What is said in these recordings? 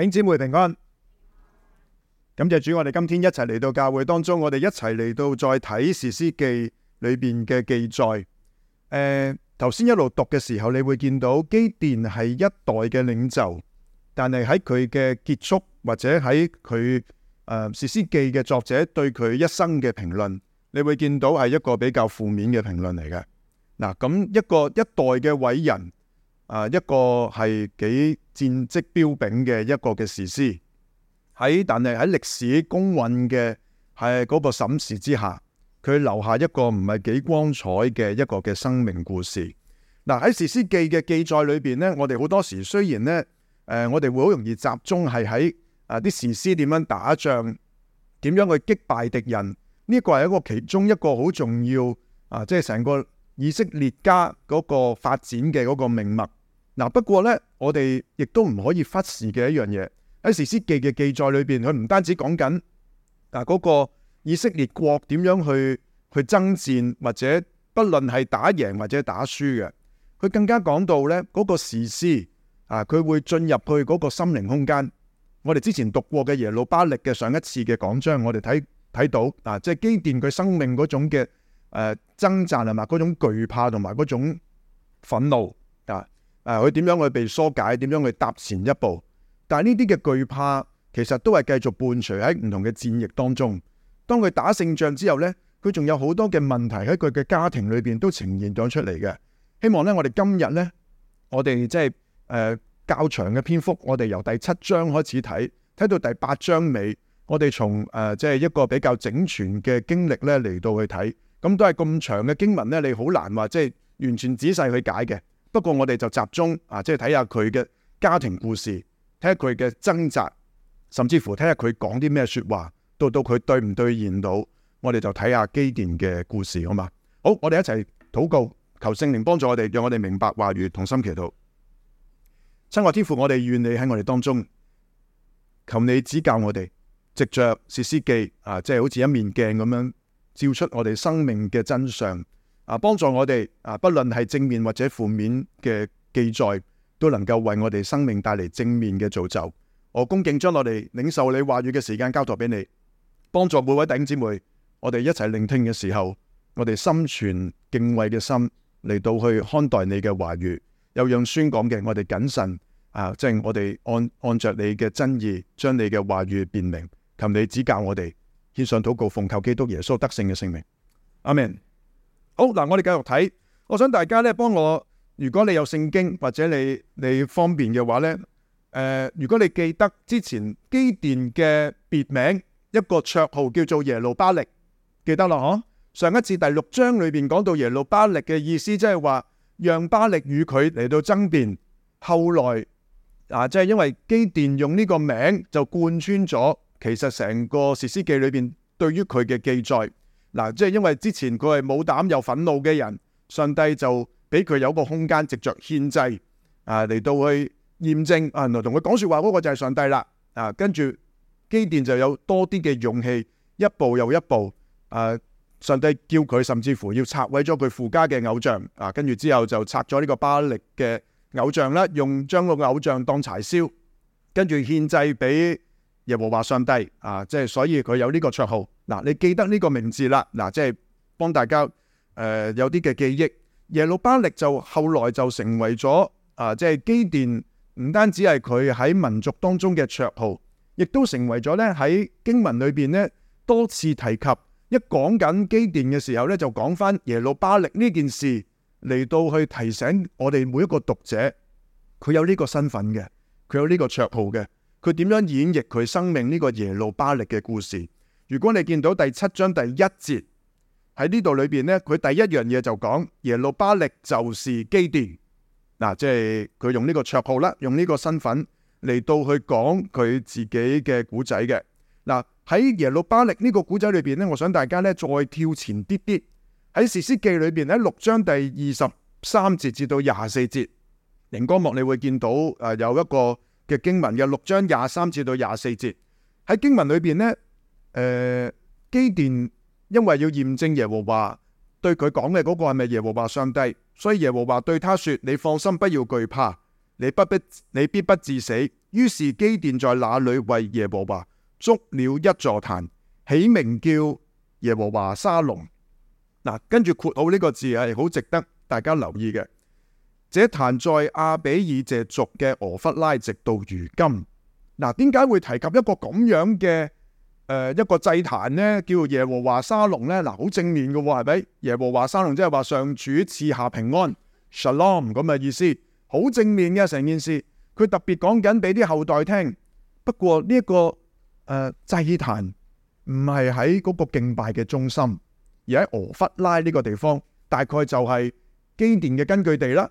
兄、啊、姊妹平安，感謝主，我哋今天一齊嚟到教會當中，我哋一齊嚟到再睇《士師記》裏邊嘅記載。誒、呃，頭先一路讀嘅時候，你會見到基甸係一代嘅領袖，但係喺佢嘅結束或者喺佢誒《士、呃、師記》嘅作者對佢一生嘅評論，你會見到係一個比較負面嘅評論嚟嘅。嗱、啊，咁一個一代嘅偉人。啊，一個係幾戰績彪炳嘅一個嘅士師，喺但係喺歷史公允嘅係嗰個審視之下，佢留下一個唔係幾光彩嘅一個嘅生命故事。嗱，喺士師記嘅記載裏邊呢，我哋好多時雖然呢，誒、呃、我哋會好容易集中係喺啊啲士師點樣打仗，點樣去擊敗敵人呢一、呢個係一個其中一個好重要啊，即係成個以色列家嗰個發展嘅嗰個命脈。嗱，不過咧，我哋亦都唔可以忽視嘅一樣嘢，喺《士師記》嘅記載裏邊，佢唔單止講緊啊嗰個以色列國點樣去去爭戰，或者不論係打贏或者打輸嘅，佢更加講到咧嗰個士師啊，佢會進入去嗰個心靈空間。我哋之前讀過嘅耶路巴力嘅上一次嘅講章，我哋睇睇到啊，即係基甸佢生命嗰種嘅誒掙扎係嘛，嗰種懼怕同埋嗰種憤怒。誒，佢點樣去被疏解？點樣去踏前一步？但係呢啲嘅懼怕，其實都係繼續伴隨喺唔同嘅戰役當中。當佢打勝仗之後呢，佢仲有好多嘅問題喺佢嘅家庭裏邊都呈現咗出嚟嘅。希望呢，我哋今日呢，我哋即係誒較長嘅篇幅，我哋由第七章開始睇，睇到第八章尾，我哋從誒即係一個比較整全嘅經歷呢嚟到去睇，咁都係咁長嘅經文呢，你好難話即係完全仔細去解嘅。不過我哋就集中啊，即係睇下佢嘅家庭故事，睇下佢嘅掙扎，甚至乎睇下佢講啲咩說話，到到佢兌唔兌現到，我哋就睇下基甸嘅故事好嘛？好，我哋一齊禱告，求聖靈幫助我哋，讓我哋明白話語，同心祈禱。親愛天父我，我哋願你喺我哋當中，求你指教我哋，藉着士師記啊，即係好似一面鏡咁樣，照出我哋生命嘅真相。啊！幫助我哋啊，不論係正面或者負面嘅記載，都能夠為我哋生命帶嚟正面嘅造就。我恭敬將我哋領受你話語嘅時間交代俾你，幫助每位弟兄姊妹。我哋一齊聆聽嘅時候，我哋心存敬畏嘅心嚟到去看待你嘅話語。有樣宣講嘅，我哋謹慎啊，即係我哋按按著你嘅真意，將你嘅話語辨明。求你指教我哋，獻上禱告，奉求基督耶穌得勝嘅聖名。阿門。好嗱，我哋繼續睇。我想大家咧，幫我，如果你有聖經或者你你方便嘅話咧，誒、呃，如果你記得之前基甸嘅別名一個綽號叫做耶路巴力，記得啦嗬。上一次第六章裏邊講到耶路巴力嘅意思，即係話，讓巴力與佢嚟到爭辯。後來嗱，即、啊、係、就是、因為基甸用呢個名就貫穿咗，其實成個士師記裏邊對於佢嘅記載。嗱，即係因為之前佢係冇膽又憤怒嘅人，上帝就俾佢有個空間，藉着獻祭啊嚟到去驗證啊，原來同佢講說話嗰個就係上帝啦啊，跟住、啊、基甸就有多啲嘅勇氣，一步又一步啊，上帝叫佢甚至乎要拆毀咗佢父家嘅偶像啊，跟住之後就拆咗呢個巴力嘅偶像啦，用將個偶像當柴燒，跟住獻祭俾耶和華上帝啊，即係所以佢有呢個綽號。嗱、啊，你記得呢個名字啦，嗱、啊，即係幫大家誒、呃、有啲嘅記憶。耶路巴力就後來就成為咗啊，即係基甸，唔單止係佢喺民族當中嘅綽號，亦都成為咗咧喺經文裏邊咧多次提及。一講緊基甸嘅時候咧，就講返耶路巴力呢件事嚟到去提醒我哋每一個讀者，佢有呢個身份嘅，佢有呢個綽號嘅，佢點樣演繹佢生命呢個耶路巴力嘅故事。如果你見到第七章第一節，喺呢度裏邊呢，佢第一樣嘢就講耶路巴力就是基甸。嗱、啊，即係佢用呢個綽號啦，用呢個身份嚟到去講佢自己嘅古仔嘅。嗱、啊、喺耶路巴力個呢個古仔裏邊呢，我想大家呢再跳前啲啲，喺士師記裏邊呢，六章第二十三節至到廿四節，螢光幕，你會見到誒、啊、有一個嘅經文嘅六章廿三至到廿四節喺經文裏邊呢。誒、呃，基甸因為要驗證耶和華對佢講嘅嗰個係咪耶和華上帝，所以耶和華對他說：你放心，不要懼怕，你不必你必不致死。於是基甸在那裏為耶和華築了一座壇，起名叫耶和華沙龍。嗱、啊，跟住括號呢個字係好值得大家留意嘅。這壇在亞比以謝族嘅俄弗拉直到如今。嗱、啊，點解會提及一個咁樣嘅？誒、呃，一個祭壇咧叫耶和華沙龍咧，嗱、呃、好正面㗎，係咪？耶和華沙龍即係話上主賜下平安，shalom 咁嘅意思，好正面嘅成件事。佢特別講緊俾啲後代聽。不過呢、這、一個誒、呃、祭壇唔係喺嗰個敬拜嘅中心，而喺俄弗拉呢個地方，大概就係基甸嘅根據地啦。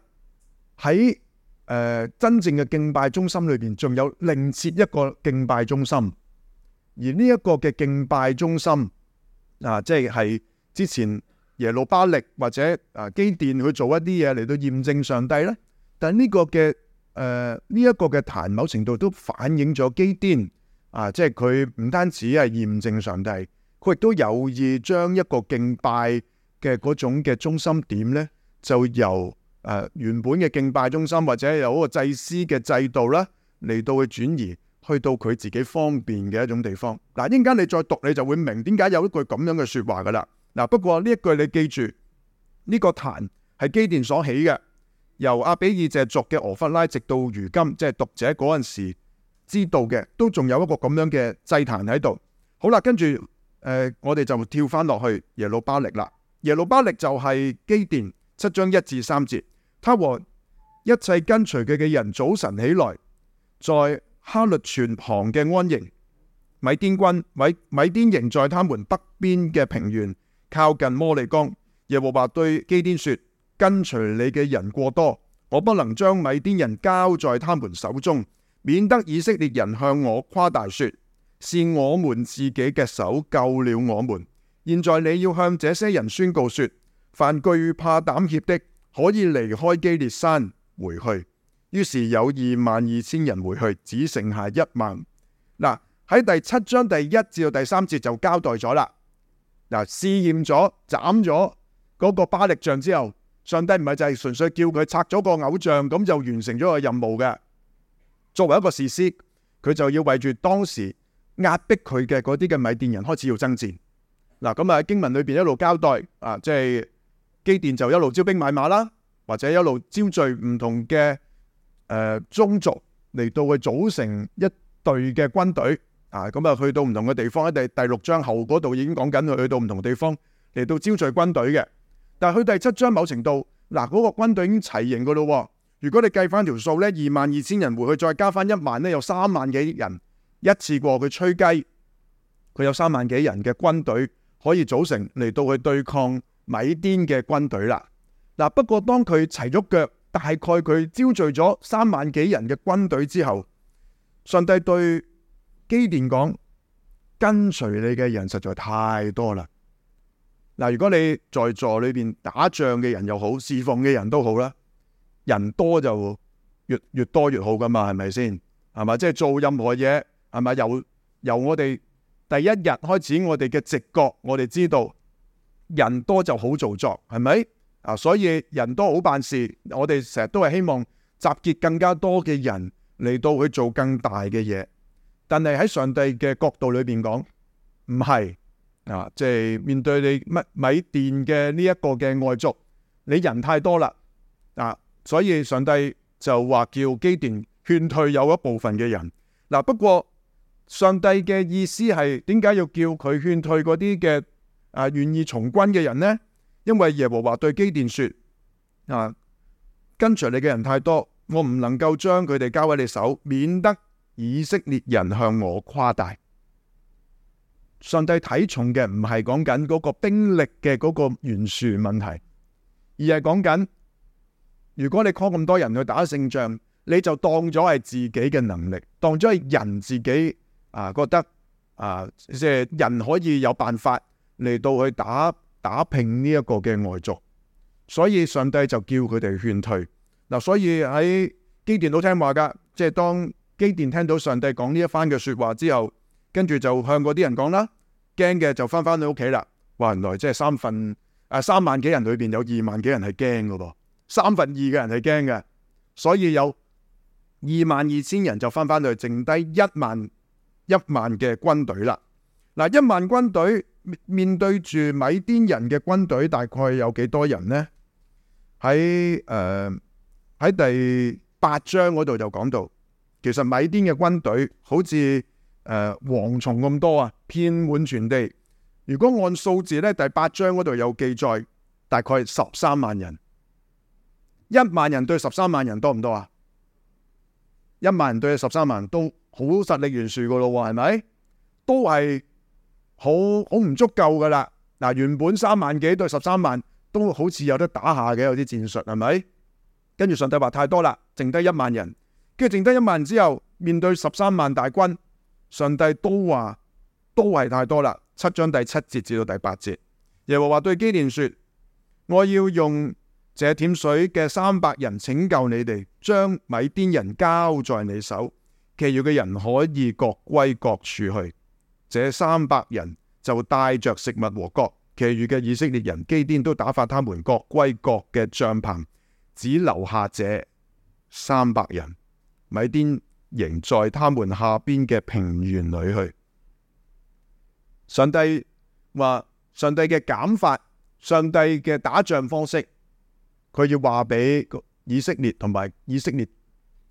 喺誒、呃、真正嘅敬拜中心裏邊，仲有另設一個敬拜中心。而呢一個嘅敬拜中心啊，即係之前耶路巴力或者啊基甸去做一啲嘢嚟到驗證上帝咧。但係呢個嘅誒呢一個嘅壇，某程度都反映咗基甸啊，即係佢唔單止係驗證上帝，佢亦都有意將一個敬拜嘅嗰種嘅中心點咧，就由誒、啊、原本嘅敬拜中心或者有嗰個祭司嘅制度咧嚟到去轉移。去到佢自己方便嘅一種地方。嗱，一陣間你再讀，你就會明點解有一句咁樣嘅説話噶啦。嗱，不過呢一句你記住，呢個壇係基甸所起嘅，由阿比以謝族嘅俄弗拉，直到如今，即係讀者嗰陣時知道嘅，都仲有一個咁樣嘅祭壇喺度。好啦，跟住誒，我哋就跳翻落去耶路巴力啦。耶路巴力就係基甸七章一至三節，他和一切跟隨佢嘅人早晨起來，在哈律泉旁嘅安營，米甸軍米米甸營在他們北邊嘅平原，靠近摩利崗。耶和華對基甸說：跟隨你嘅人過多，我不能將米甸人交在他們手中，免得以色列人向我誇大說，是我們自己嘅手救了我們。現在你要向這些人宣告說：凡懼怕膽怯的，可以離開基列山回去。於是有二萬二千人回去，只剩下一萬。嗱、啊、喺第七章第一至到第三節就交代咗啦。嗱、啊、試驗咗斬咗嗰個巴力像之後，上帝唔係就係純粹叫佢拆咗個偶像，咁就完成咗個任務嘅。作為一個士師，佢就要為住當時壓迫佢嘅嗰啲嘅米甸人開始要征戰嗱。咁啊喺經文裏邊一路交代啊，即係基甸就一路招兵買馬啦，或者一路招聚唔同嘅。誒，宗、呃、族嚟到去組成一隊嘅軍隊，啊，咁啊去到唔同嘅地方。喺第第六章後嗰度已經講緊佢去到唔同地方嚟到招聚軍隊嘅。但係去第七章某程度，嗱、啊、嗰、那個軍隊已經齊型噶咯。如果你計翻條數呢，二萬二千人回去，再加翻一萬呢，有三萬幾人一次過去吹雞，佢有三萬幾人嘅軍隊可以組成嚟到去對抗米甸嘅軍隊啦。嗱、啊，不過當佢齊咗腳。大概佢招聚咗三萬幾人嘅軍隊之後，上帝對基甸講：跟隨你嘅人實在太多啦。嗱，如果你在座裏邊打仗嘅人又好，侍奉嘅人都好啦，人多就越越多越好噶嘛，係咪先？係咪？即係做任何嘢，係咪？由由我哋第一日開始，我哋嘅直覺，我哋知道人多就好做作，係咪？啊，所以人多好辦事，我哋成日都係希望集結更加多嘅人嚟到去做更大嘅嘢。但係喺上帝嘅角度裏邊講，唔係啊，即係面對你米米甸嘅呢一個嘅外族，你人太多啦啊，所以上帝就話叫基甸勸退有一部分嘅人。嗱、啊，不過上帝嘅意思係點解要叫佢勸退嗰啲嘅啊願意從軍嘅人呢？因為耶和華對基甸說：啊，跟隨你嘅人太多，我唔能夠將佢哋交喺你手，免得以色列人向我誇大。上帝睇重嘅唔係講緊嗰個兵力嘅嗰個懸殊問題，而係講緊，如果你 call 咁多人去打勝仗，你就當咗係自己嘅能力，當咗係人自己啊覺得啊，即係人可以有辦法嚟到去打。打拼呢一個嘅外族，所以上帝就叫佢哋勸退嗱、啊，所以喺基甸都聽話噶，即係當基甸聽到上帝講呢一番嘅說話之後，跟住就向嗰啲人講啦，驚嘅就翻翻去屋企啦。話原來即係三分誒、啊，三萬幾人裏邊有二萬幾人係驚噶喎，三分二嘅人係驚嘅，所以有二萬二千人就翻翻去，剩低一萬一萬嘅軍隊啦。嗱、啊，一萬軍隊。面對住米甸人嘅軍隊，大概有幾多人呢？喺誒喺第八章嗰度就講到，其實米甸嘅軍隊好似誒、呃、蝗蟲咁多啊，遍滿全地。如果按數字咧，第八章嗰度有記載，大概十三萬人。一萬人對十三萬人多唔多啊？一萬人對十三萬人都好實力懸殊噶咯喎，係咪都係？好好唔足夠噶啦，嗱原本三萬幾對十三萬都好似有得打下嘅，有啲戰術係咪？跟住上帝話太多啦，剩低一萬人，跟住剩低一萬人之後，面對十三萬大軍，上帝都話都係太多啦。七章第七節至到第八節，耶和華對基甸說：我要用這舔水嘅三百人拯救你哋，將米甸人交在你手，其餘嘅人可以各歸各處去。這三百人就帶着食物和角，其餘嘅以色列人基甸都打發他們各歸各嘅帳篷，只留下這三百人。米甸營在他們下邊嘅平原裏去。上帝話：上帝嘅減法，上帝嘅打仗方式，佢要話俾以色列同埋以色列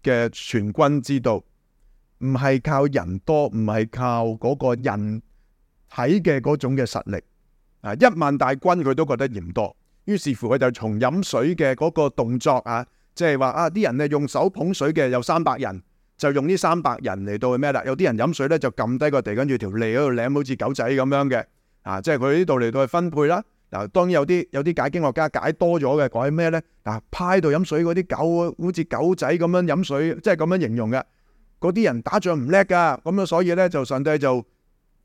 嘅全軍知道。唔係靠人多，唔係靠嗰個人喺嘅嗰種嘅實力。啊，一萬大軍佢都覺得嫌多，於是乎佢就從飲水嘅嗰個動作啊，即係話啊啲人咧用手捧水嘅有三百人，就用呢三百人嚟到去咩啦？有啲人飲水咧就撳低個地，跟住條脷喺度舐，好似狗仔咁樣嘅。啊，即係佢呢度嚟到去分配啦。嗱，當然有啲有啲解經學家解多咗嘅講係咩咧？嗱，趴喺度飲水嗰啲狗，好似狗仔咁樣飲水，即係咁樣形容嘅。嗰啲人打仗唔叻噶，咁樣，所以咧就上帝就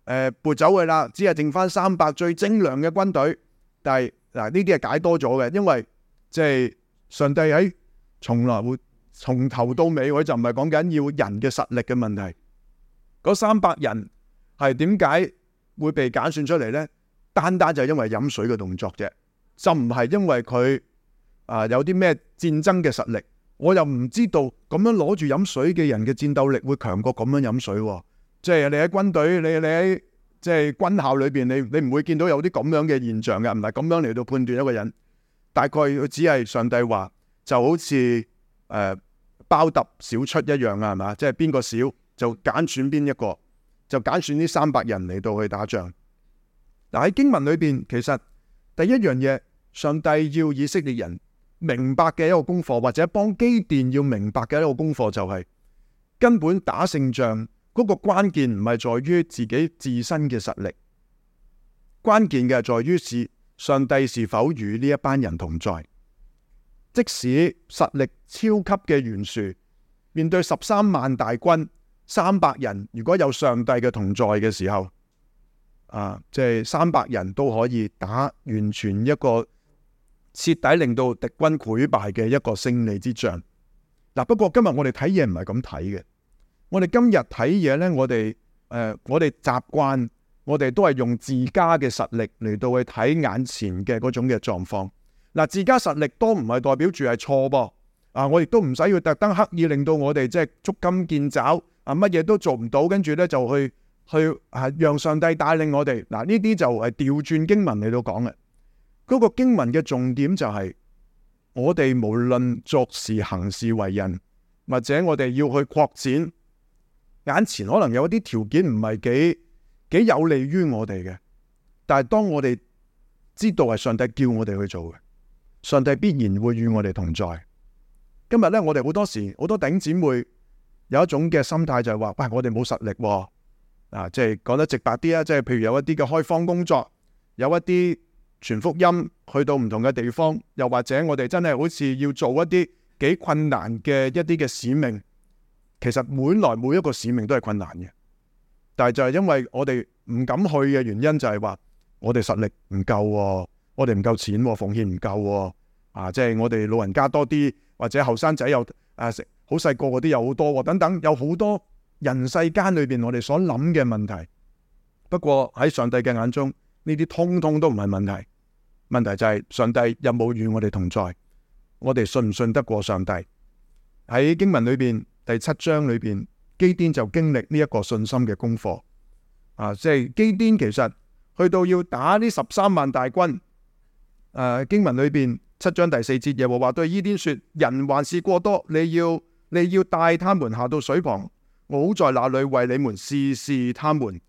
誒撥走佢啦，只係剩返三百最精良嘅軍隊。但係嗱呢啲係解多咗嘅，因為即係上帝喺從來會從頭到尾，佢就唔係講緊要人嘅實力嘅問題。嗰三百人係點解會被揀選出嚟咧？單單就因為飲水嘅動作啫，就唔係因為佢啊有啲咩戰爭嘅實力。我又唔知道咁樣攞住飲水嘅人嘅戰鬥力會強過咁樣飲水。哦，即係你喺軍隊，你你喺即係軍校裏邊，你你唔會見到有啲咁樣嘅現象嘅，唔係咁樣嚟到判斷一個人。大概佢只係上帝話就好似誒、呃、包揼小出一樣啊，係嘛？即係邊個少就揀選邊一個，就揀選呢三百人嚟到去打仗。嗱，喺經文裏邊，其實第一樣嘢，上帝要以色列人。明白嘅一個功課，或者幫基甸要明白嘅一個功課就係、是，根本打勝仗嗰個關鍵唔係在於自己自身嘅實力，關鍵嘅在於是上帝是否與呢一班人同在。即使實力超級嘅懸殊，面對十三萬大軍，三百人，如果有上帝嘅同在嘅時候，啊，即係三百人都可以打完全一個。徹底令到敵軍潰敗嘅一個勝利之仗。嗱，不過今日我哋睇嘢唔係咁睇嘅。我哋今日睇嘢呢，我哋誒、呃，我哋習慣，我哋都係用自家嘅實力嚟到去睇眼前嘅嗰種嘅狀況。嗱、呃，自家實力都唔係代表住係錯噃。啊，我亦都唔使要特登刻意令到我哋即係捉襟見肘啊，乜嘢都做唔到，跟住呢，就去去啊，讓上帝帶領我哋。嗱、呃，呢啲就係調轉經文嚟到講嘅。嗰個經文嘅重點就係、是、我哋無論作事、行事、為人，或者我哋要去擴展眼前可能有一啲條件唔係幾幾有利於我哋嘅，但係當我哋知道係上帝叫我哋去做嘅，上帝必然會與我哋同在。今日咧，我哋好多時好多頂姐妹有一種嘅心態就係話，喂，我哋冇實力喎、哦，啊，即係講得直白啲啊，即係譬如有一啲嘅開荒工作，有一啲，傳福音去到唔同嘅地方，又或者我哋真係好似要做一啲幾困難嘅一啲嘅使命，其實本來每一個使命都係困難嘅，但係就係因為我哋唔敢去嘅原因就係話我哋實力唔夠、啊，我哋唔夠錢、啊，奉獻唔夠，啊，即係我哋老人家多啲，或者後生仔又誒好細個嗰啲又好多、啊，等等，有好多人世間裏邊我哋所諗嘅問題。不過喺上帝嘅眼中，呢啲通通都唔係問題。問題就係上帝有冇與我哋同在？我哋信唔信得過上帝？喺經文裏邊第七章裏邊，基甸就經歷呢一個信心嘅功課。啊，即係基甸其實去到要打呢十三萬大軍。誒、啊，經文裏邊七章第四節，耶和華對基甸說：人還是過多，你要你要帶他們下到水旁，我好在那裏為你們試試他們。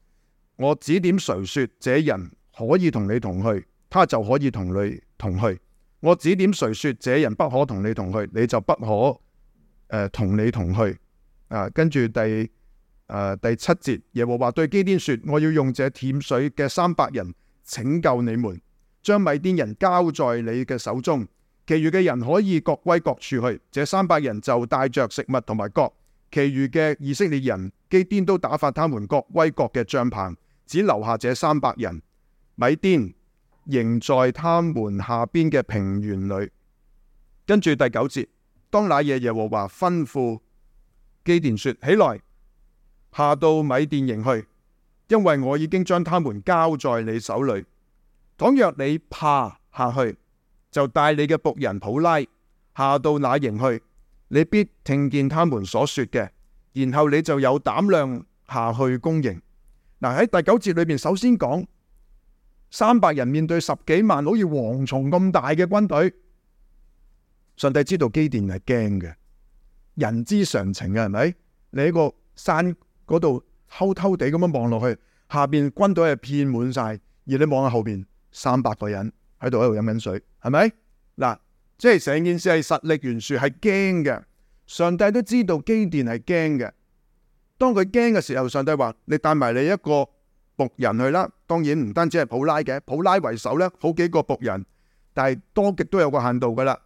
我指點誰說這人可以同你同去？他就可以同你同去。我指點誰說這人不可同你同去，你就不可誒、呃、同你同去。啊，跟住第誒、呃、第七節，耶和華對基甸說：我要用這舔水嘅三百人拯救你們，將米甸人交在你嘅手中，其餘嘅人可以各歸各處去。這三百人就帶着食物同埋角。其餘嘅以色列人基甸都打發他們各歸各嘅帳篷，只留下這三百人米甸。仍在他們下邊嘅平原裏，跟住第九節，當那夜耶和華吩咐基甸說：起來，下到米甸營去，因為我已經將他們交在你手裏。倘若你怕下去，就帶你嘅僕人普拉下到那營去，你必聽見他們所說嘅，然後你就有膽量下去攻營。嗱、啊、喺第九節裏面首先講。三百人面對十幾萬好似蝗蟲咁大嘅軍隊，上帝知道基甸係驚嘅，人之常情嘅，係咪？你喺個山嗰度偷偷地咁樣望落去，下邊軍隊係遍滿晒，而你望下後邊三百個人喺度喺度飲緊水，係咪？嗱，即係成件事係實力懸殊，係驚嘅。上帝都知道基甸係驚嘅，當佢驚嘅時候，上帝話：你帶埋你一個。僕人去啦，當然唔單止係普拉嘅，普拉為首咧，好幾個僕人，但係多極都有個限度噶啦。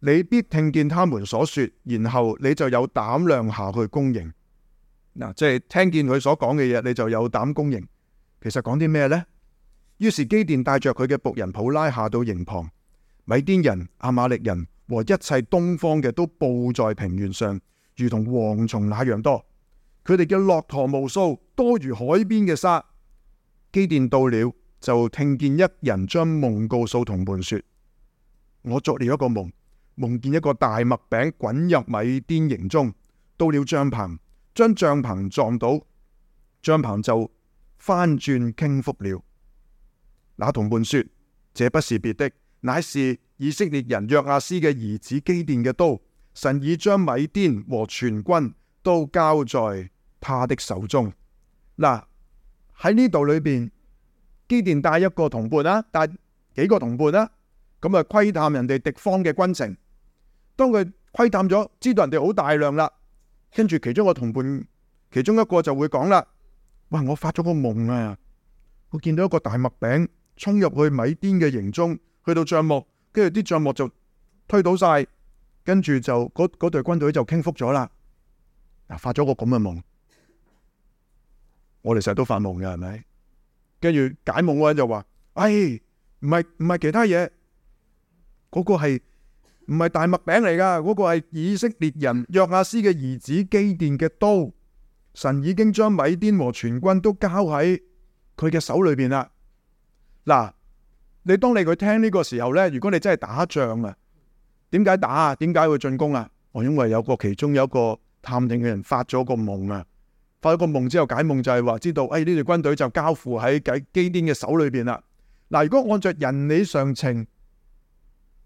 你必聽見他們所說，然後你就有膽量下去攻營。嗱，即係聽見佢所講嘅嘢，你就有膽攻營。其實講啲咩呢？於是基甸帶着佢嘅僕人普拉下到營旁，米甸人、亞瑪力人和一切東方嘅都布在平原上，如同蝗蟲那樣多。佢哋嘅駱駝無數，多如海邊嘅沙。基甸到了，就聽見一人將夢告訴同伴說：我作了一個夢，夢見一個大麥餅滾入米甸營中，到了帳篷，將帳篷撞倒，帳篷就翻轉傾覆了。那同伴說：這不是別的，乃是以色列人約亞斯嘅兒子基甸嘅刀。神已將米甸和全軍都交在。他的手中。嗱，喺呢度裏邊，基甸帶一個同伴啦、啊，帶幾個同伴啦、啊，咁啊窺探人哋敵方嘅軍情。當佢窺探咗，知道人哋好大量啦，跟住其中一個同伴，其中一個就會講啦：，哇！我發咗個夢啊，我見到一個大麥餅衝入去米甸嘅營中，去到帳幕，跟住啲帳幕就推倒晒，跟住就嗰嗰隊軍隊就傾覆咗啦。嗱、啊，發咗個咁嘅夢。我哋成日都發夢㗎，係咪？跟住解夢嗰個人就話：，哎，唔係唔係其他嘢，嗰個係唔係大麥餅嚟噶？嗰個係以色列人約亞斯嘅兒子基甸嘅刀。神已經將米甸和全軍都交喺佢嘅手裏邊啦。嗱，你當你去聽呢個時候咧，如果你真係打仗啊，點解打啊？點解會進攻啊？我因為有個其中有一個探聽嘅人發咗個夢啊。發一個夢之後，解夢就係話知道，誒呢隊軍隊就交付喺基基甸嘅手裏邊啦。嗱，如果按着人理常情，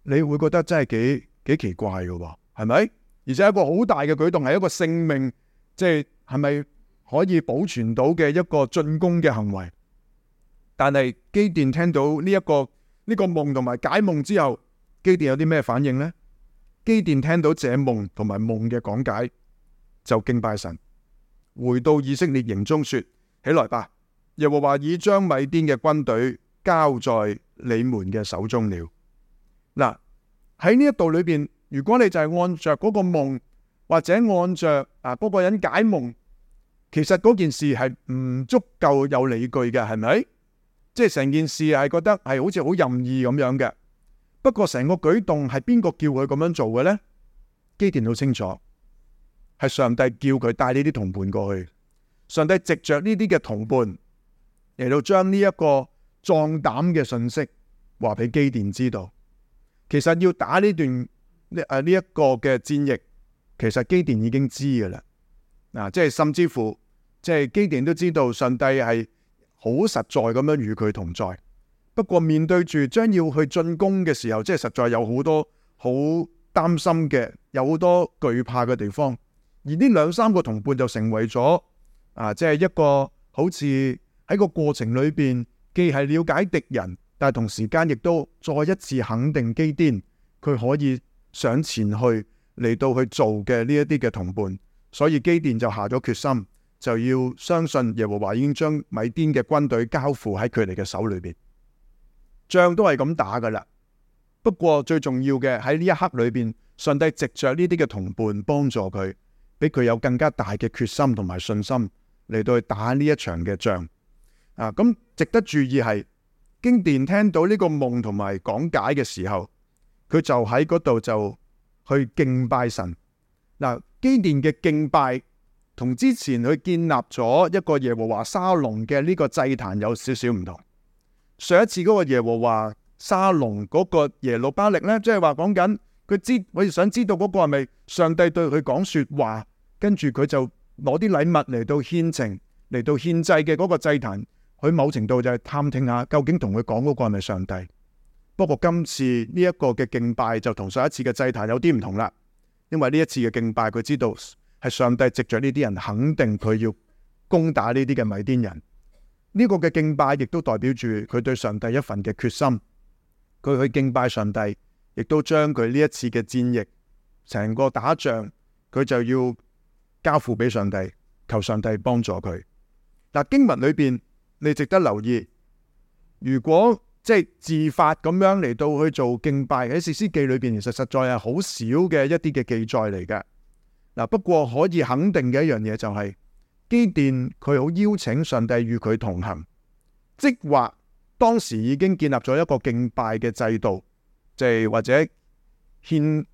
你會覺得真係幾幾奇怪㗎喎，係咪？而且一個好大嘅舉動，係一個性命，即係係咪可以保存到嘅一個進攻嘅行為？但係基甸聽到呢、這、一個呢、這個夢同埋解夢之後，基甸有啲咩反應呢？基甸聽到這夢同埋夢嘅講解，就敬拜神。回到以色列營中說：起來吧，耶和華已將米甸嘅軍隊交在你們嘅手中了。嗱，喺呢一度裏邊，如果你就係按着嗰個夢，或者按着啊嗰個人解夢，其實嗰件事係唔足夠有理據嘅，係咪？即係成件事係覺得係好似好任意咁樣嘅。不過成個舉動係邊個叫佢咁樣做嘅呢？基甸好清楚。係上帝叫佢帶呢啲同伴過去，上帝藉着呢啲嘅同伴嚟到將呢一個壯膽嘅信息話俾基甸知道。其實要打呢段呢，啊呢一個嘅戰役，其實基甸已經知噶啦。啊，即係甚至乎即係基甸都知道上帝係好實在咁樣與佢同在。不過面對住將要去進攻嘅時候，即係實在有好多好擔心嘅，有好多懼怕嘅地方。而呢兩三個同伴就成為咗啊，即係一個好似喺個過程裏邊，既係了解敵人，但係同時間亦都再一次肯定基甸，佢可以上前去嚟到去做嘅呢一啲嘅同伴。所以基甸就下咗決心，就要相信耶和華已經將米甸嘅軍隊交付喺佢哋嘅手裏邊。仗都係咁打噶啦，不過最重要嘅喺呢一刻裏邊，上帝藉着呢啲嘅同伴幫助佢。俾佢有更加大嘅決心同埋信心嚟到去打呢一場嘅仗啊！咁值得注意係，基甸聽到呢個夢同埋講解嘅時候，佢就喺嗰度就去敬拜神。嗱、啊，基甸嘅敬拜同之前佢建立咗一個耶和華沙龍嘅呢個祭壇有少少唔同。上一次嗰個耶和華沙龍嗰個耶路巴力咧，即係話講緊。佢知，我哋想知道嗰個係咪上帝對佢講說話，跟住佢就攞啲禮物嚟到獻呈，嚟到獻祭嘅嗰個祭壇，佢某程度就係探聽下究竟同佢講嗰個係咪上帝。不過今次呢一個嘅敬拜就同上一次嘅祭壇有啲唔同啦，因為呢一次嘅敬拜佢知道係上帝藉着呢啲人肯定佢要攻打呢啲嘅米甸人。呢個嘅敬拜亦都代表住佢對上帝一份嘅決心，佢去敬拜上帝。.亦都將佢呢一次嘅戰役，成個打仗，佢就要交付俾上帝，求上帝幫助佢。嗱，經文裏邊，你值得留意。如果即係自發咁樣嚟到去做敬拜喺《士師記》裏邊，其實實在係好少嘅一啲嘅記載嚟嘅。嗱，不過可以肯定嘅一樣嘢就係、是，基甸佢好邀請上帝與佢同行，即話當時已經建立咗一個敬拜嘅制度。就係或者獻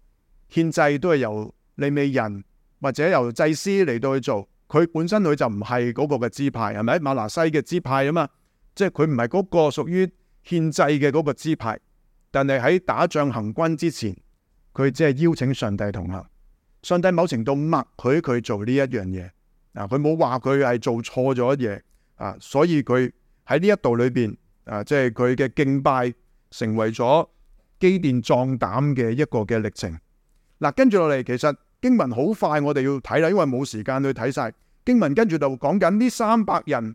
獻祭都係由利未人或者由祭司嚟到去做，佢本身佢就唔係嗰個嘅支派，係咪？馬拿西嘅支派啊嘛，即係佢唔係嗰個屬於獻祭嘅嗰個支派。但係喺打仗行軍之前，佢只係邀請上帝同行，上帝某程度默許佢做呢一樣嘢。嗱，啊，佢冇話佢係做錯咗嘢啊，所以佢喺呢一度裏邊啊，即係佢嘅敬拜成為咗。機電壯膽嘅一個嘅歷程，嗱、啊、跟住落嚟，其實經文好快，我哋要睇啦，因為冇時間去睇晒經文。跟住就講緊呢三百人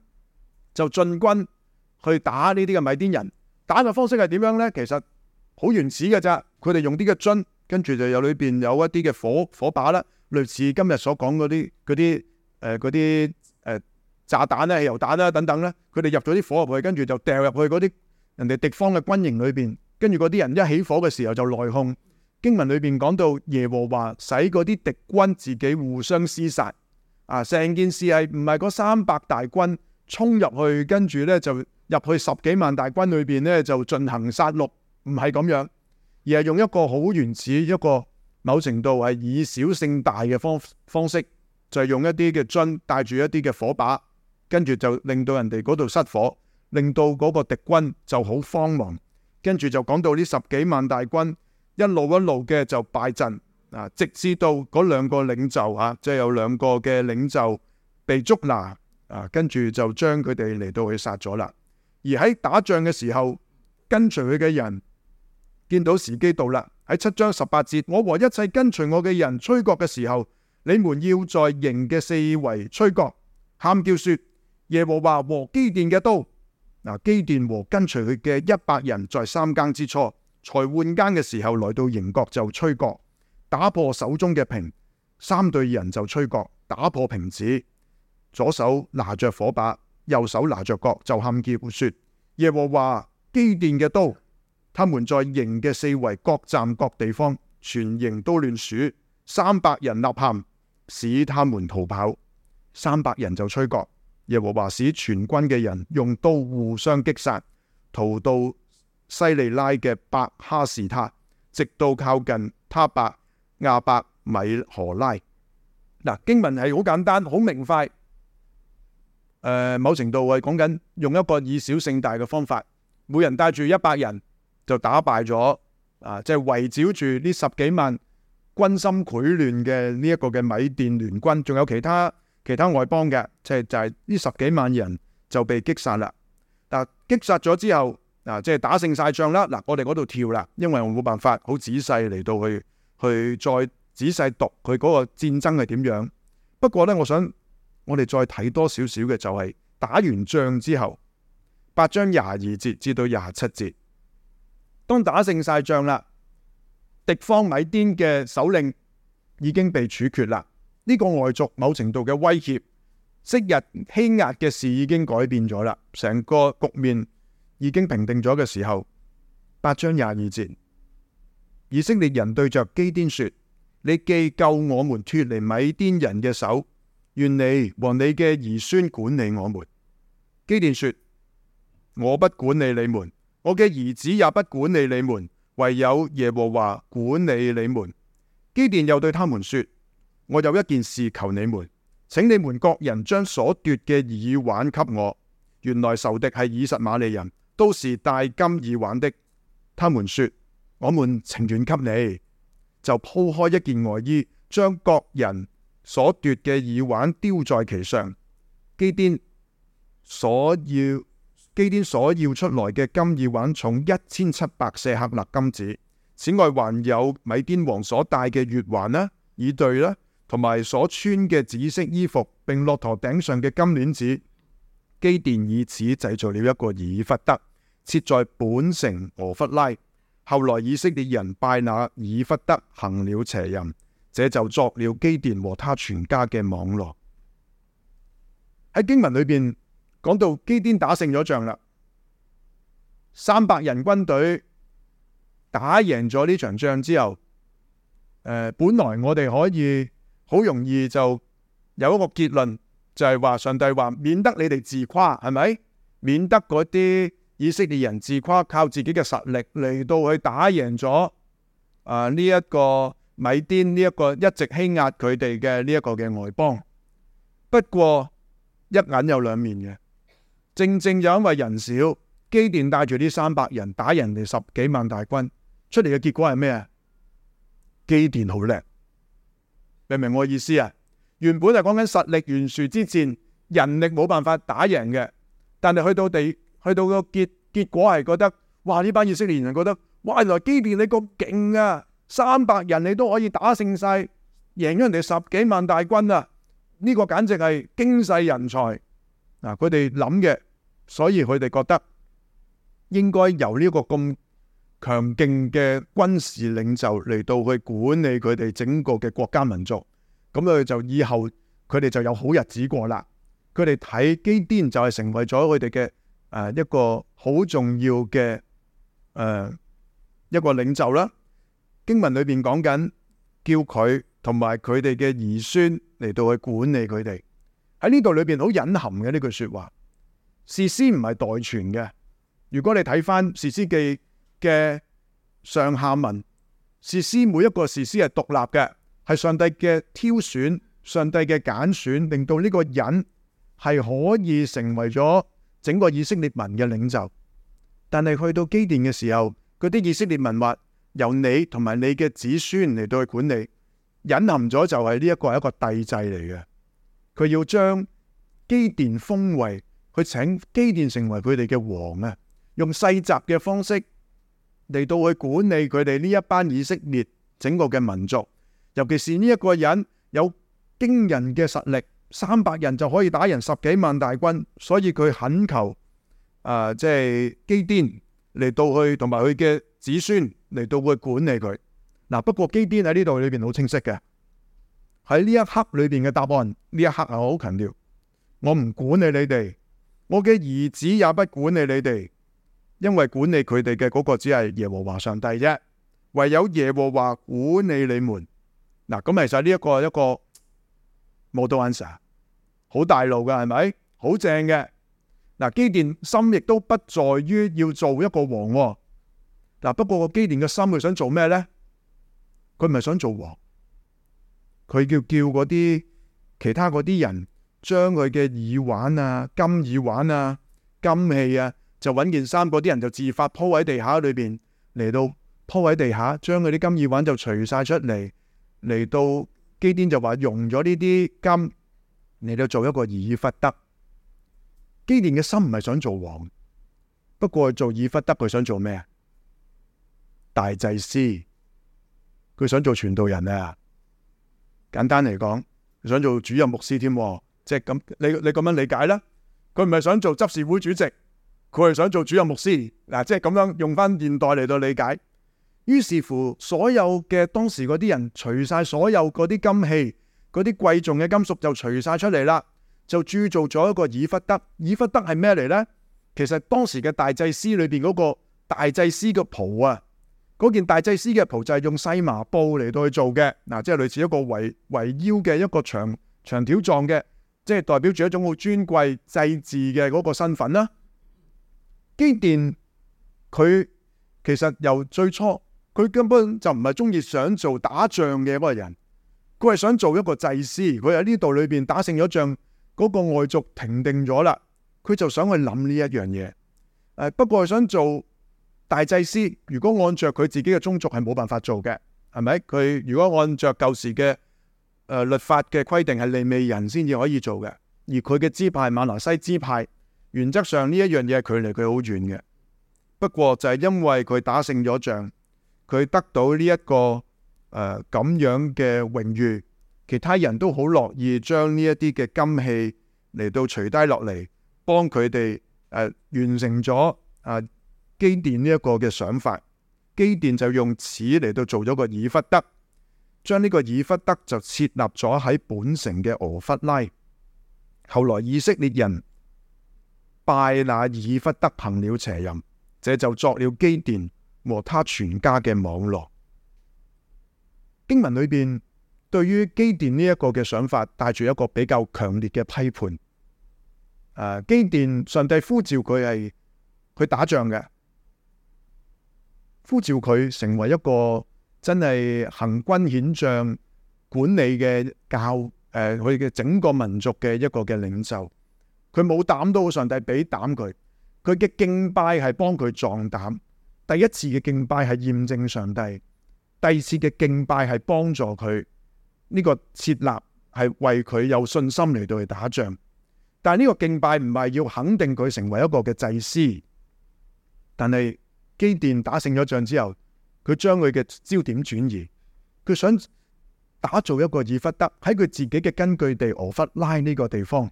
就進軍去打呢啲嘅米甸人，打嘅方式係點樣呢？其實好原始嘅咋，佢哋用啲嘅樽，跟住就有裏邊有一啲嘅火火把啦，類似今日所講嗰啲啲誒啲誒炸彈咧、汽油彈啦等等啦，佢哋入咗啲火入去，跟住就掉入去嗰啲人哋敵方嘅軍營裏邊。跟住嗰啲人一起火嘅時候就內訌，經文裏邊講到耶和華使嗰啲敵軍自己互相廝殺啊，成件事係唔係嗰三百大軍衝入去，跟住呢就入去十幾萬大軍裏邊呢就進行殺戮？唔係咁樣，而係用一個好原始一個某程度係以小勝大嘅方方式，就係用一啲嘅樽帶住一啲嘅火把，跟住就令到人哋嗰度失火，令到嗰個敵軍就好慌忙。跟住就講到呢十幾萬大軍一路一路嘅就敗陣啊，直至到嗰兩個領袖啊，即係有兩個嘅領袖被捉拿啊，跟住就將佢哋嚟到去殺咗啦。而喺打仗嘅時候，跟隨佢嘅人見到時機到啦，喺七章十八節，我和一切跟隨我嘅人吹角嘅時候，你們要在營嘅四圍吹角，喊叫說耶和華和基甸嘅刀。嗱，基甸和跟隨佢嘅一百人在三更之初，才換更嘅時候來到營角就吹角，打破手中嘅瓶。三隊人就吹角，打破瓶子。左手拿着火把，右手拿着角就喊叫說：耶和華，基甸嘅刀。他們在營嘅四圍各站各地方，全營都亂竄。三百人吶喊，使他們逃跑。三百人就吹角。耶和華使全軍嘅人用刀互相擊殺，逃到西利拉嘅伯哈士塔，直到靠近他伯亞伯米何拉。嗱、啊，經文係好簡單，好明快。誒、呃，某程度係講緊用一個以小勝大嘅方法，每人帶住一百人就打敗咗。啊，即係圍剿住呢十幾萬軍心潰亂嘅呢一個嘅米甸聯軍，仲有其他。其他外邦嘅，即係就係、是、呢十幾萬人就被擊殺啦。嗱，擊殺咗之後，嗱即係打勝晒仗啦。嗱，我哋嗰度跳啦，因為我冇辦法好仔細嚟到去去再仔細讀佢嗰個戰爭係點樣。不過咧，我想我哋再睇多少少嘅，就係打完仗之後，八章廿二節至到廿七節，當打勝晒仗啦，敵方米甸嘅首領已經被處決啦。呢個外族某程度嘅威脅，昔日欺壓嘅事已經改變咗啦，成個局面已經平定咗嘅時候，八章廿二節，以色列人對着基甸說：「你既救我們脫離米甸人嘅手，願你和你嘅兒孫管理我們。基甸說：「我不管理你們，我嘅兒子也不管理你們，唯有耶和華管理你們。基甸又對他們說：我有一件事求你們，請你們各人將所奪嘅耳環給我。原來仇敵係以實瑪利人，都是戴金耳環的。他們說，我們情願給你，就鋪開一件外衣，將各人所奪嘅耳環丟在其上。基甸所要基甸所要出來嘅金耳環重一千七百舍客勒金子，此外還有米甸王所戴嘅月環啦、耳墜啦。同埋所穿嘅紫色衣服，並駱駝頂上嘅金鏈子，基甸以此製造了一個以弗得，設在本城俄弗拉。後來以色列人拜那以弗得行了邪淫，這就作了基甸和他全家嘅網羅。喺經文裏邊講到基甸打勝咗仗啦，三百人軍隊打贏咗呢場仗之後，呃，本來我哋可以好容易就有一個結論，就係話上帝話，免得你哋自誇，係咪？免得嗰啲以色列人自誇，靠自己嘅實力嚟到去打贏咗啊呢一個米甸，呢一個一直欺壓佢哋嘅呢一個嘅外邦。不過一眼有兩面嘅，正正就因為人少，基甸帶住呢三百人打人哋十幾萬大軍，出嚟嘅結果係咩啊？基甸好叻。明唔明我意思啊？原本係講緊實力懸殊之戰，人力冇辦法打贏嘅，但係去到地，去到個結結果係覺得，哇！呢班以色列人覺得，哇！原來基甸你咁勁啊，三百人你都可以打勝晒，贏咗人哋十幾萬大軍啊！呢、這個簡直係驚世人才啊！佢哋諗嘅，所以佢哋覺得應該由呢個咁。強勁嘅軍事領袖嚟到去管理佢哋整個嘅國家民族，咁佢哋就以後佢哋就有好日子過啦。佢哋睇基甸就係成為咗佢哋嘅誒一個好重要嘅誒、呃、一個領袖啦。經文裏邊講緊叫佢同埋佢哋嘅兒孫嚟到去管理佢哋，喺呢度裏邊好隱含嘅呢句說話，士師唔係代傳嘅。如果你睇翻士師記。嘅上下文，士師每一個士師係獨立嘅，係上帝嘅挑選，上帝嘅揀選，令到呢個人係可以成為咗整個以色列民嘅領袖。但係去到基甸嘅時候，嗰啲以色列民話，由你同埋你嘅子孫嚟到去管理，隱含咗就係呢一個係一個帝制嚟嘅。佢要將基甸封為，去請基甸成為佢哋嘅王啊，用世襲嘅方式。嚟到去管理佢哋呢一班以色列整個嘅民族，尤其是呢一個人有驚人嘅實力，三百人就可以打贏十幾萬大軍，所以佢懇求啊，即、呃、係、就是、基甸嚟到去同埋佢嘅子孫嚟到去管理佢。嗱、啊，不過基甸喺呢度裏邊好清晰嘅，喺呢一刻裏邊嘅答案，呢一刻係我好強調，我唔管理你哋，我嘅兒子也不管理你哋。因為管理佢哋嘅嗰個只係耶和華上帝啫，唯有耶和華管理你們。嗱，咁其實呢一個係一個冇答案好大路嘅係咪？好正嘅。嗱，基甸心亦都不在於要做一個王喎。嗱，不過個基甸嘅心佢想做咩咧？佢唔係想做王，佢叫叫嗰啲其他嗰啲人將佢嘅耳環啊、金耳環啊、金器啊。就揾件衫，嗰啲人就自發鋪喺地下裏邊，嚟到鋪喺地下，將嗰啲金耳環就除晒出嚟，嚟到基甸就話用咗呢啲金嚟到做一個以弗得。基甸嘅心唔係想做王，不過做以弗得佢想做咩啊？大祭司，佢想做傳道人啊！簡單嚟講，佢想做主任牧師添、啊，即係咁。你你咁樣理解啦。佢唔係想做執事會主席。佢係想做主任牧師嗱、啊，即係咁樣用翻現代嚟到理解。於是乎，所有嘅當時嗰啲人，除晒所有嗰啲金器、嗰啲貴重嘅金屬就，就除晒出嚟啦，就鑄造咗一個以弗得。以弗得係咩嚟呢？其實當時嘅大祭司裏邊嗰個大祭司嘅袍啊，嗰件大祭司嘅袍就係用細麻布嚟到去做嘅，嗱、啊，即係類似一個圍圍腰嘅一個長長條狀嘅，即係代表住一種好尊貴、祭祀嘅嗰個身份啦、啊。基甸佢其實由最初佢根本就唔係中意想做打仗嘅嗰個人，佢係想做一個祭司。佢喺呢度裏邊打勝咗仗，嗰、那個外族平定咗啦，佢就想去諗呢一樣嘢。誒，不過係想做大祭司。如果按照佢自己嘅宗族係冇辦法做嘅，係咪？佢如果按照舊時嘅誒、呃、律法嘅規定，係利未人先至可以做嘅。而佢嘅支派瑪拿西支派。原則上呢一樣嘢距離佢好遠嘅，不過就係因為佢打勝咗仗，佢得到呢、這、一個誒咁、呃、樣嘅榮譽，其他人都好樂意將呢一啲嘅金器嚟到除低落嚟，幫佢哋誒完成咗啊基甸呢一個嘅想法。基甸就用此嚟到做咗個以弗得，將呢個以弗得就設立咗喺本城嘅俄弗拉。後來以色列人，拜那以弗得行了邪淫，這就作了基甸和他全家嘅網羅。經文裏邊對於基甸呢一個嘅想法，帶住一個比較強烈嘅批判。誒、啊，基甸，上帝呼召佢係去打仗嘅，呼召佢成為一個真係行軍遣將管理嘅教誒，佢、呃、嘅整個民族嘅一個嘅領袖。佢冇膽到上帝俾膽佢。佢嘅敬拜係幫佢壯膽。第一次嘅敬拜係驗證上帝，第二次嘅敬拜係幫助佢呢個設立係為佢有信心嚟，到去打仗。但係呢個敬拜唔係要肯定佢成為一個嘅祭司，但係基甸打勝咗仗之後，佢將佢嘅焦點轉移，佢想打造一個以弗得，喺佢自己嘅根據地俄弗拉呢個地方。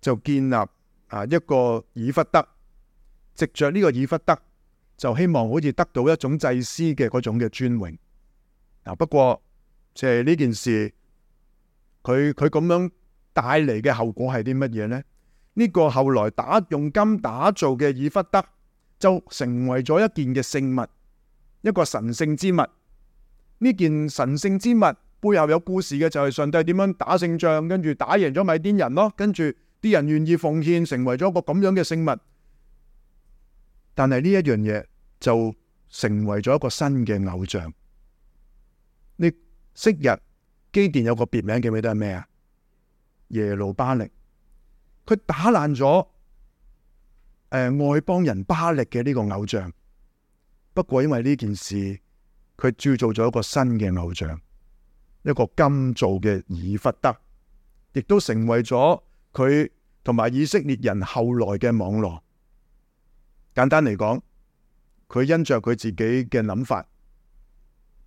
就建立啊，一個以弗得，藉着呢個以弗得，就希望好似得到一種祭司嘅嗰種嘅尊榮。嗱、啊，不過就係、是、呢件事，佢佢咁樣帶嚟嘅後果係啲乜嘢呢？呢、這個後來打用金打造嘅以弗得，就成為咗一件嘅聖物，一個神聖之物。呢件神聖之物背後有故事嘅就係上帝點樣打勝仗，跟住打贏咗米甸人咯，跟住。啲人願意奉獻，成為咗一個咁樣嘅聖物，但係呢一樣嘢就成為咗一個新嘅偶像。你昔日基甸有個別名叫唔叫得係咩啊？耶路巴力，佢打爛咗誒、呃、外邦人巴力嘅呢個偶像。不過因為呢件事，佢鑄造咗一個新嘅偶像，一個金造嘅以弗德，亦都成為咗。佢同埋以色列人後來嘅網羅，簡單嚟講，佢因着佢自己嘅諗法，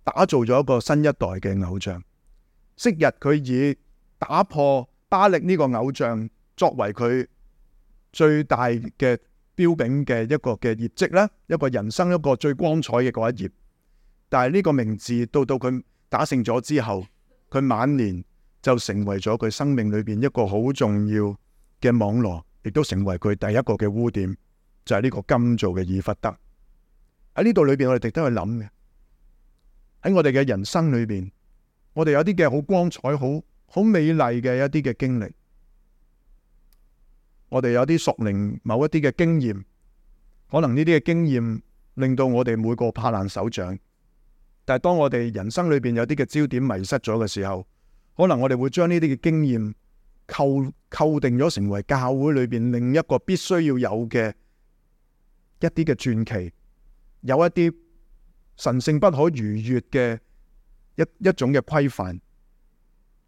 打造咗一個新一代嘅偶像。昔日佢以打破巴力呢個偶像作為佢最大嘅標榜嘅一個嘅業績啦，一個人生一個最光彩嘅嗰一頁。但係呢個名字到到佢打勝咗之後，佢晚年，就成為咗佢生命裏邊一個好重要嘅網羅，亦都成為佢第一個嘅污點，就係呢個金造嘅以弗得。喺呢度裏邊，我哋值得去諗嘅。喺我哋嘅人生裏邊，我哋有啲嘅好光彩、好好美麗嘅一啲嘅經歷，我哋有啲索靈某一啲嘅經驗，可能呢啲嘅經驗令到我哋每個拍爛手掌。但係當我哋人生裏邊有啲嘅焦點迷失咗嘅時候，可能我哋會將呢啲嘅經驗構構定咗，成為教會裏邊另一個必須要有嘅一啲嘅傳奇，有一啲神聖不可逾越嘅一一種嘅規範。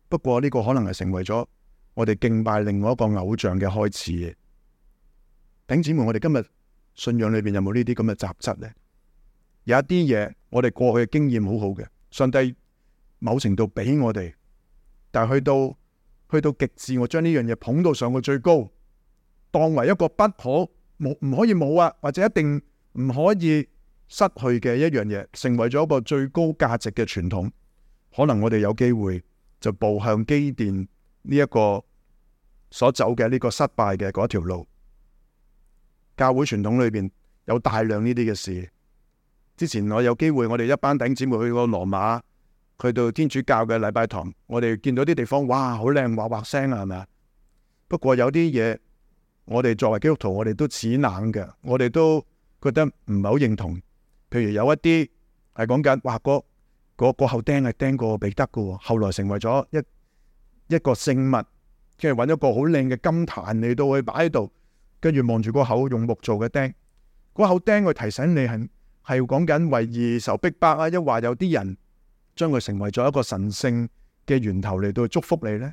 不過呢個可能係成為咗我哋敬拜另外一個偶像嘅開始。弟兄姊妹，我哋今日信仰裏邊有冇呢啲咁嘅雜質呢？有一啲嘢，我哋過去嘅經驗好好嘅，上帝某程度俾我哋。但係去到去到極致，我將呢樣嘢，捧到上個最高，當為一個不可冇、唔可以冇啊，或者一定唔可以失去嘅一樣嘢，成為咗一個最高價值嘅傳統。可能我哋有機會就步向基甸呢一個所走嘅呢個失敗嘅嗰一條路。教會傳統裏邊有大量呢啲嘅事。之前我有機會，我哋一班弟兄姊妹去過羅馬。去到天主教嘅禮拜堂，我哋見到啲地方，哇，好靚，畫畫聲啊，係咪啊？不過有啲嘢，我哋作為基督徒，我哋都似冷嘅，我哋都覺得唔係好認同。譬如有一啲係講緊話個個個口釘係釘過彼得嘅，後來成為咗一一個聖物，即係揾咗個好靚嘅金壇嚟到去擺喺度，跟住望住個口用木做嘅釘，個口釘去提醒你係係講緊為義受逼迫啊。一話有啲人。將佢成為咗一個神聖嘅源頭嚟到祝福你呢。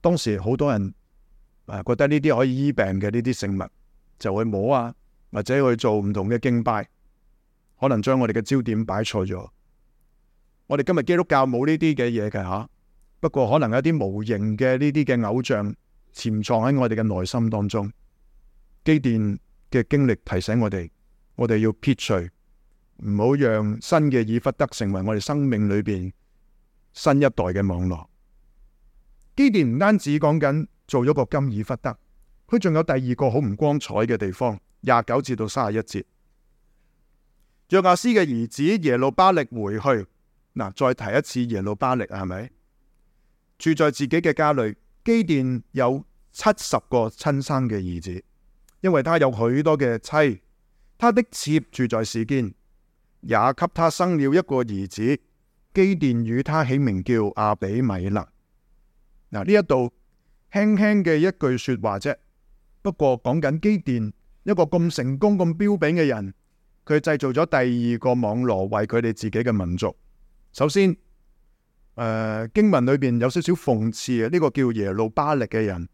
當時好多人啊覺得呢啲可以醫病嘅呢啲聖物，就去摸啊，或者去做唔同嘅敬拜，可能將我哋嘅焦點擺錯咗。我哋今日基督教冇呢啲嘅嘢嘅吓，不過可能有啲無形嘅呢啲嘅偶像潛藏喺我哋嘅內心當中。基甸嘅經歷提醒我哋，我哋要撇除。唔好讓新嘅以弗得成為我哋生命裏邊新一代嘅網羅。基甸唔單止講緊做咗個金以弗得，佢仲有第二個好唔光彩嘅地方。廿九至到三十一節，約亞斯嘅兒子耶路巴力回去嗱，再提一次耶路巴力係咪？住在自己嘅家裏。基甸有七十個親生嘅兒子，因為他有許多嘅妻，他的妾住在示劍。也給他生了一個兒子，基甸與他起名叫亞比米勒。嗱，呢一度輕輕嘅一句說話啫，不過講緊基甸一個咁成功、咁標炳嘅人，佢製造咗第二個網羅為佢哋自己嘅民族。首先，誒、呃、經文裏邊有少少諷刺啊，呢、這個叫耶路巴力嘅人，誒、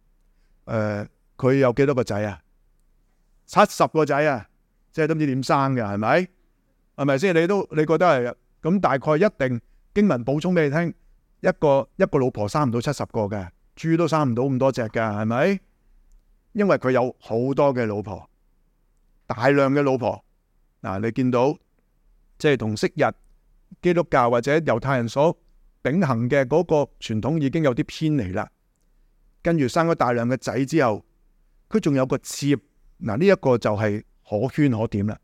呃、佢有幾多個仔啊？七十個仔啊，即係都唔知點生嘅，係咪？係咪先？你都你覺得係咁？大概一定經文補充俾你聽，一個一個老婆生唔到七十個嘅豬都生唔到咁多隻嘅，係咪？因為佢有好多嘅老婆，大量嘅老婆嗱、啊，你見到即係同昔日基督教或者猶太人所秉行嘅嗰個傳統已經有啲偏離啦。跟住生咗大量嘅仔之後，佢仲有個妾。嗱、啊，呢、這、一個就係可圈可點啦，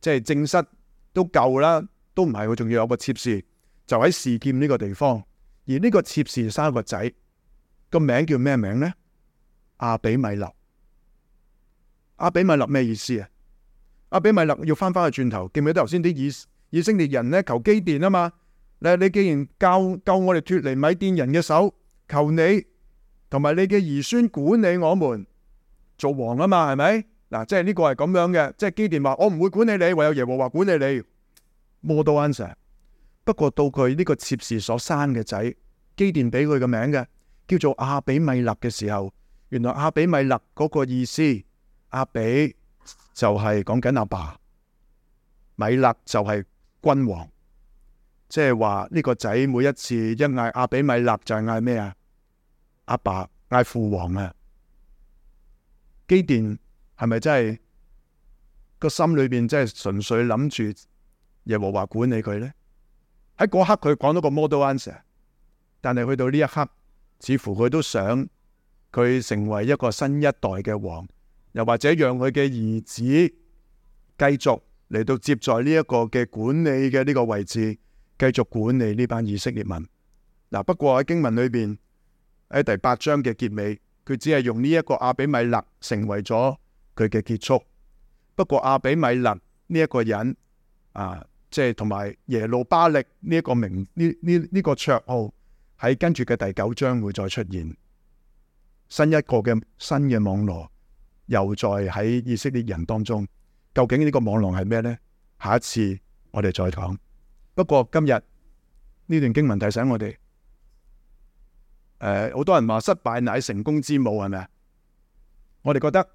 即係正室。都夠啦，都唔係，佢仲要有個妾侍，就喺示劍呢個地方，而呢個妾侍生個仔，個名叫咩名咧？亞比米勒。亞比米勒咩意思啊？亞比米勒要翻翻去轉頭，記唔記得頭先啲以以色列人咧求基甸啊嘛？你你既然救救我哋脫離米甸人嘅手，求你同埋你嘅兒孫管理我們做王啊嘛，係咪？嗱，即係呢個係咁樣嘅，即係基甸話我唔會管理你，唯有耶和華管理你。冇答案。不過到佢呢個妾侍所生嘅仔，基甸俾佢嘅名嘅，叫做亞比米勒嘅時候，原來亞比米勒嗰個意思，亞比就係講緊阿爸，米勒就係君王，即係話呢個仔每一次一嗌亞比米勒就嗌咩啊？阿爸嗌父王啊！基甸。係咪真係個心裏邊真係純粹諗住耶和華管理佢呢？喺嗰刻佢講咗個 model answer，但係去到呢一刻，似乎佢都想佢成為一個新一代嘅王，又或者讓佢嘅兒子繼續嚟,到接在呢一個嘅管理嘅呢個位置，繼續管理呢班以色列民。嗱，不過喺經文裏邊，喺第八章嘅結尾，佢只係用呢一個阿比米勒成為咗。佢嘅結束，不過亞比米勒呢一個人啊，即係同埋耶路巴力呢一個名，呢呢呢個綽號喺跟住嘅第九章會再出現，新一個嘅新嘅網羅又再喺以色列人當中，究竟呢個網羅係咩呢？下一次我哋再講。不過今日呢段經文提醒我哋，誒、呃，好多人話失敗乃成功之母係咪啊？我哋覺得。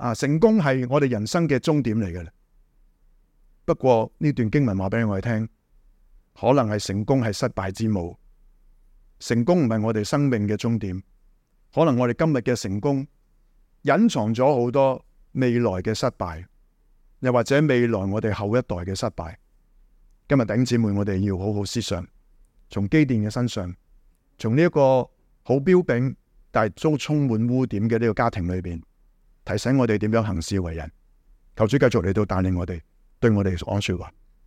啊！成功係我哋人生嘅終點嚟嘅啦。不過呢段經文話俾我哋聽，可能係成功係失敗之母。成功唔係我哋生命嘅終點，可能我哋今日嘅成功隱藏咗好多未來嘅失敗，又或者未來我哋後一代嘅失敗。今日弟兄姊妹，我哋要好好思想，從基甸嘅身上，從呢一個好標炳但係都充滿污點嘅呢個家庭裏邊。提醒我哋點樣行事為人，求主繼續嚟到帶領我哋，對我哋講說話。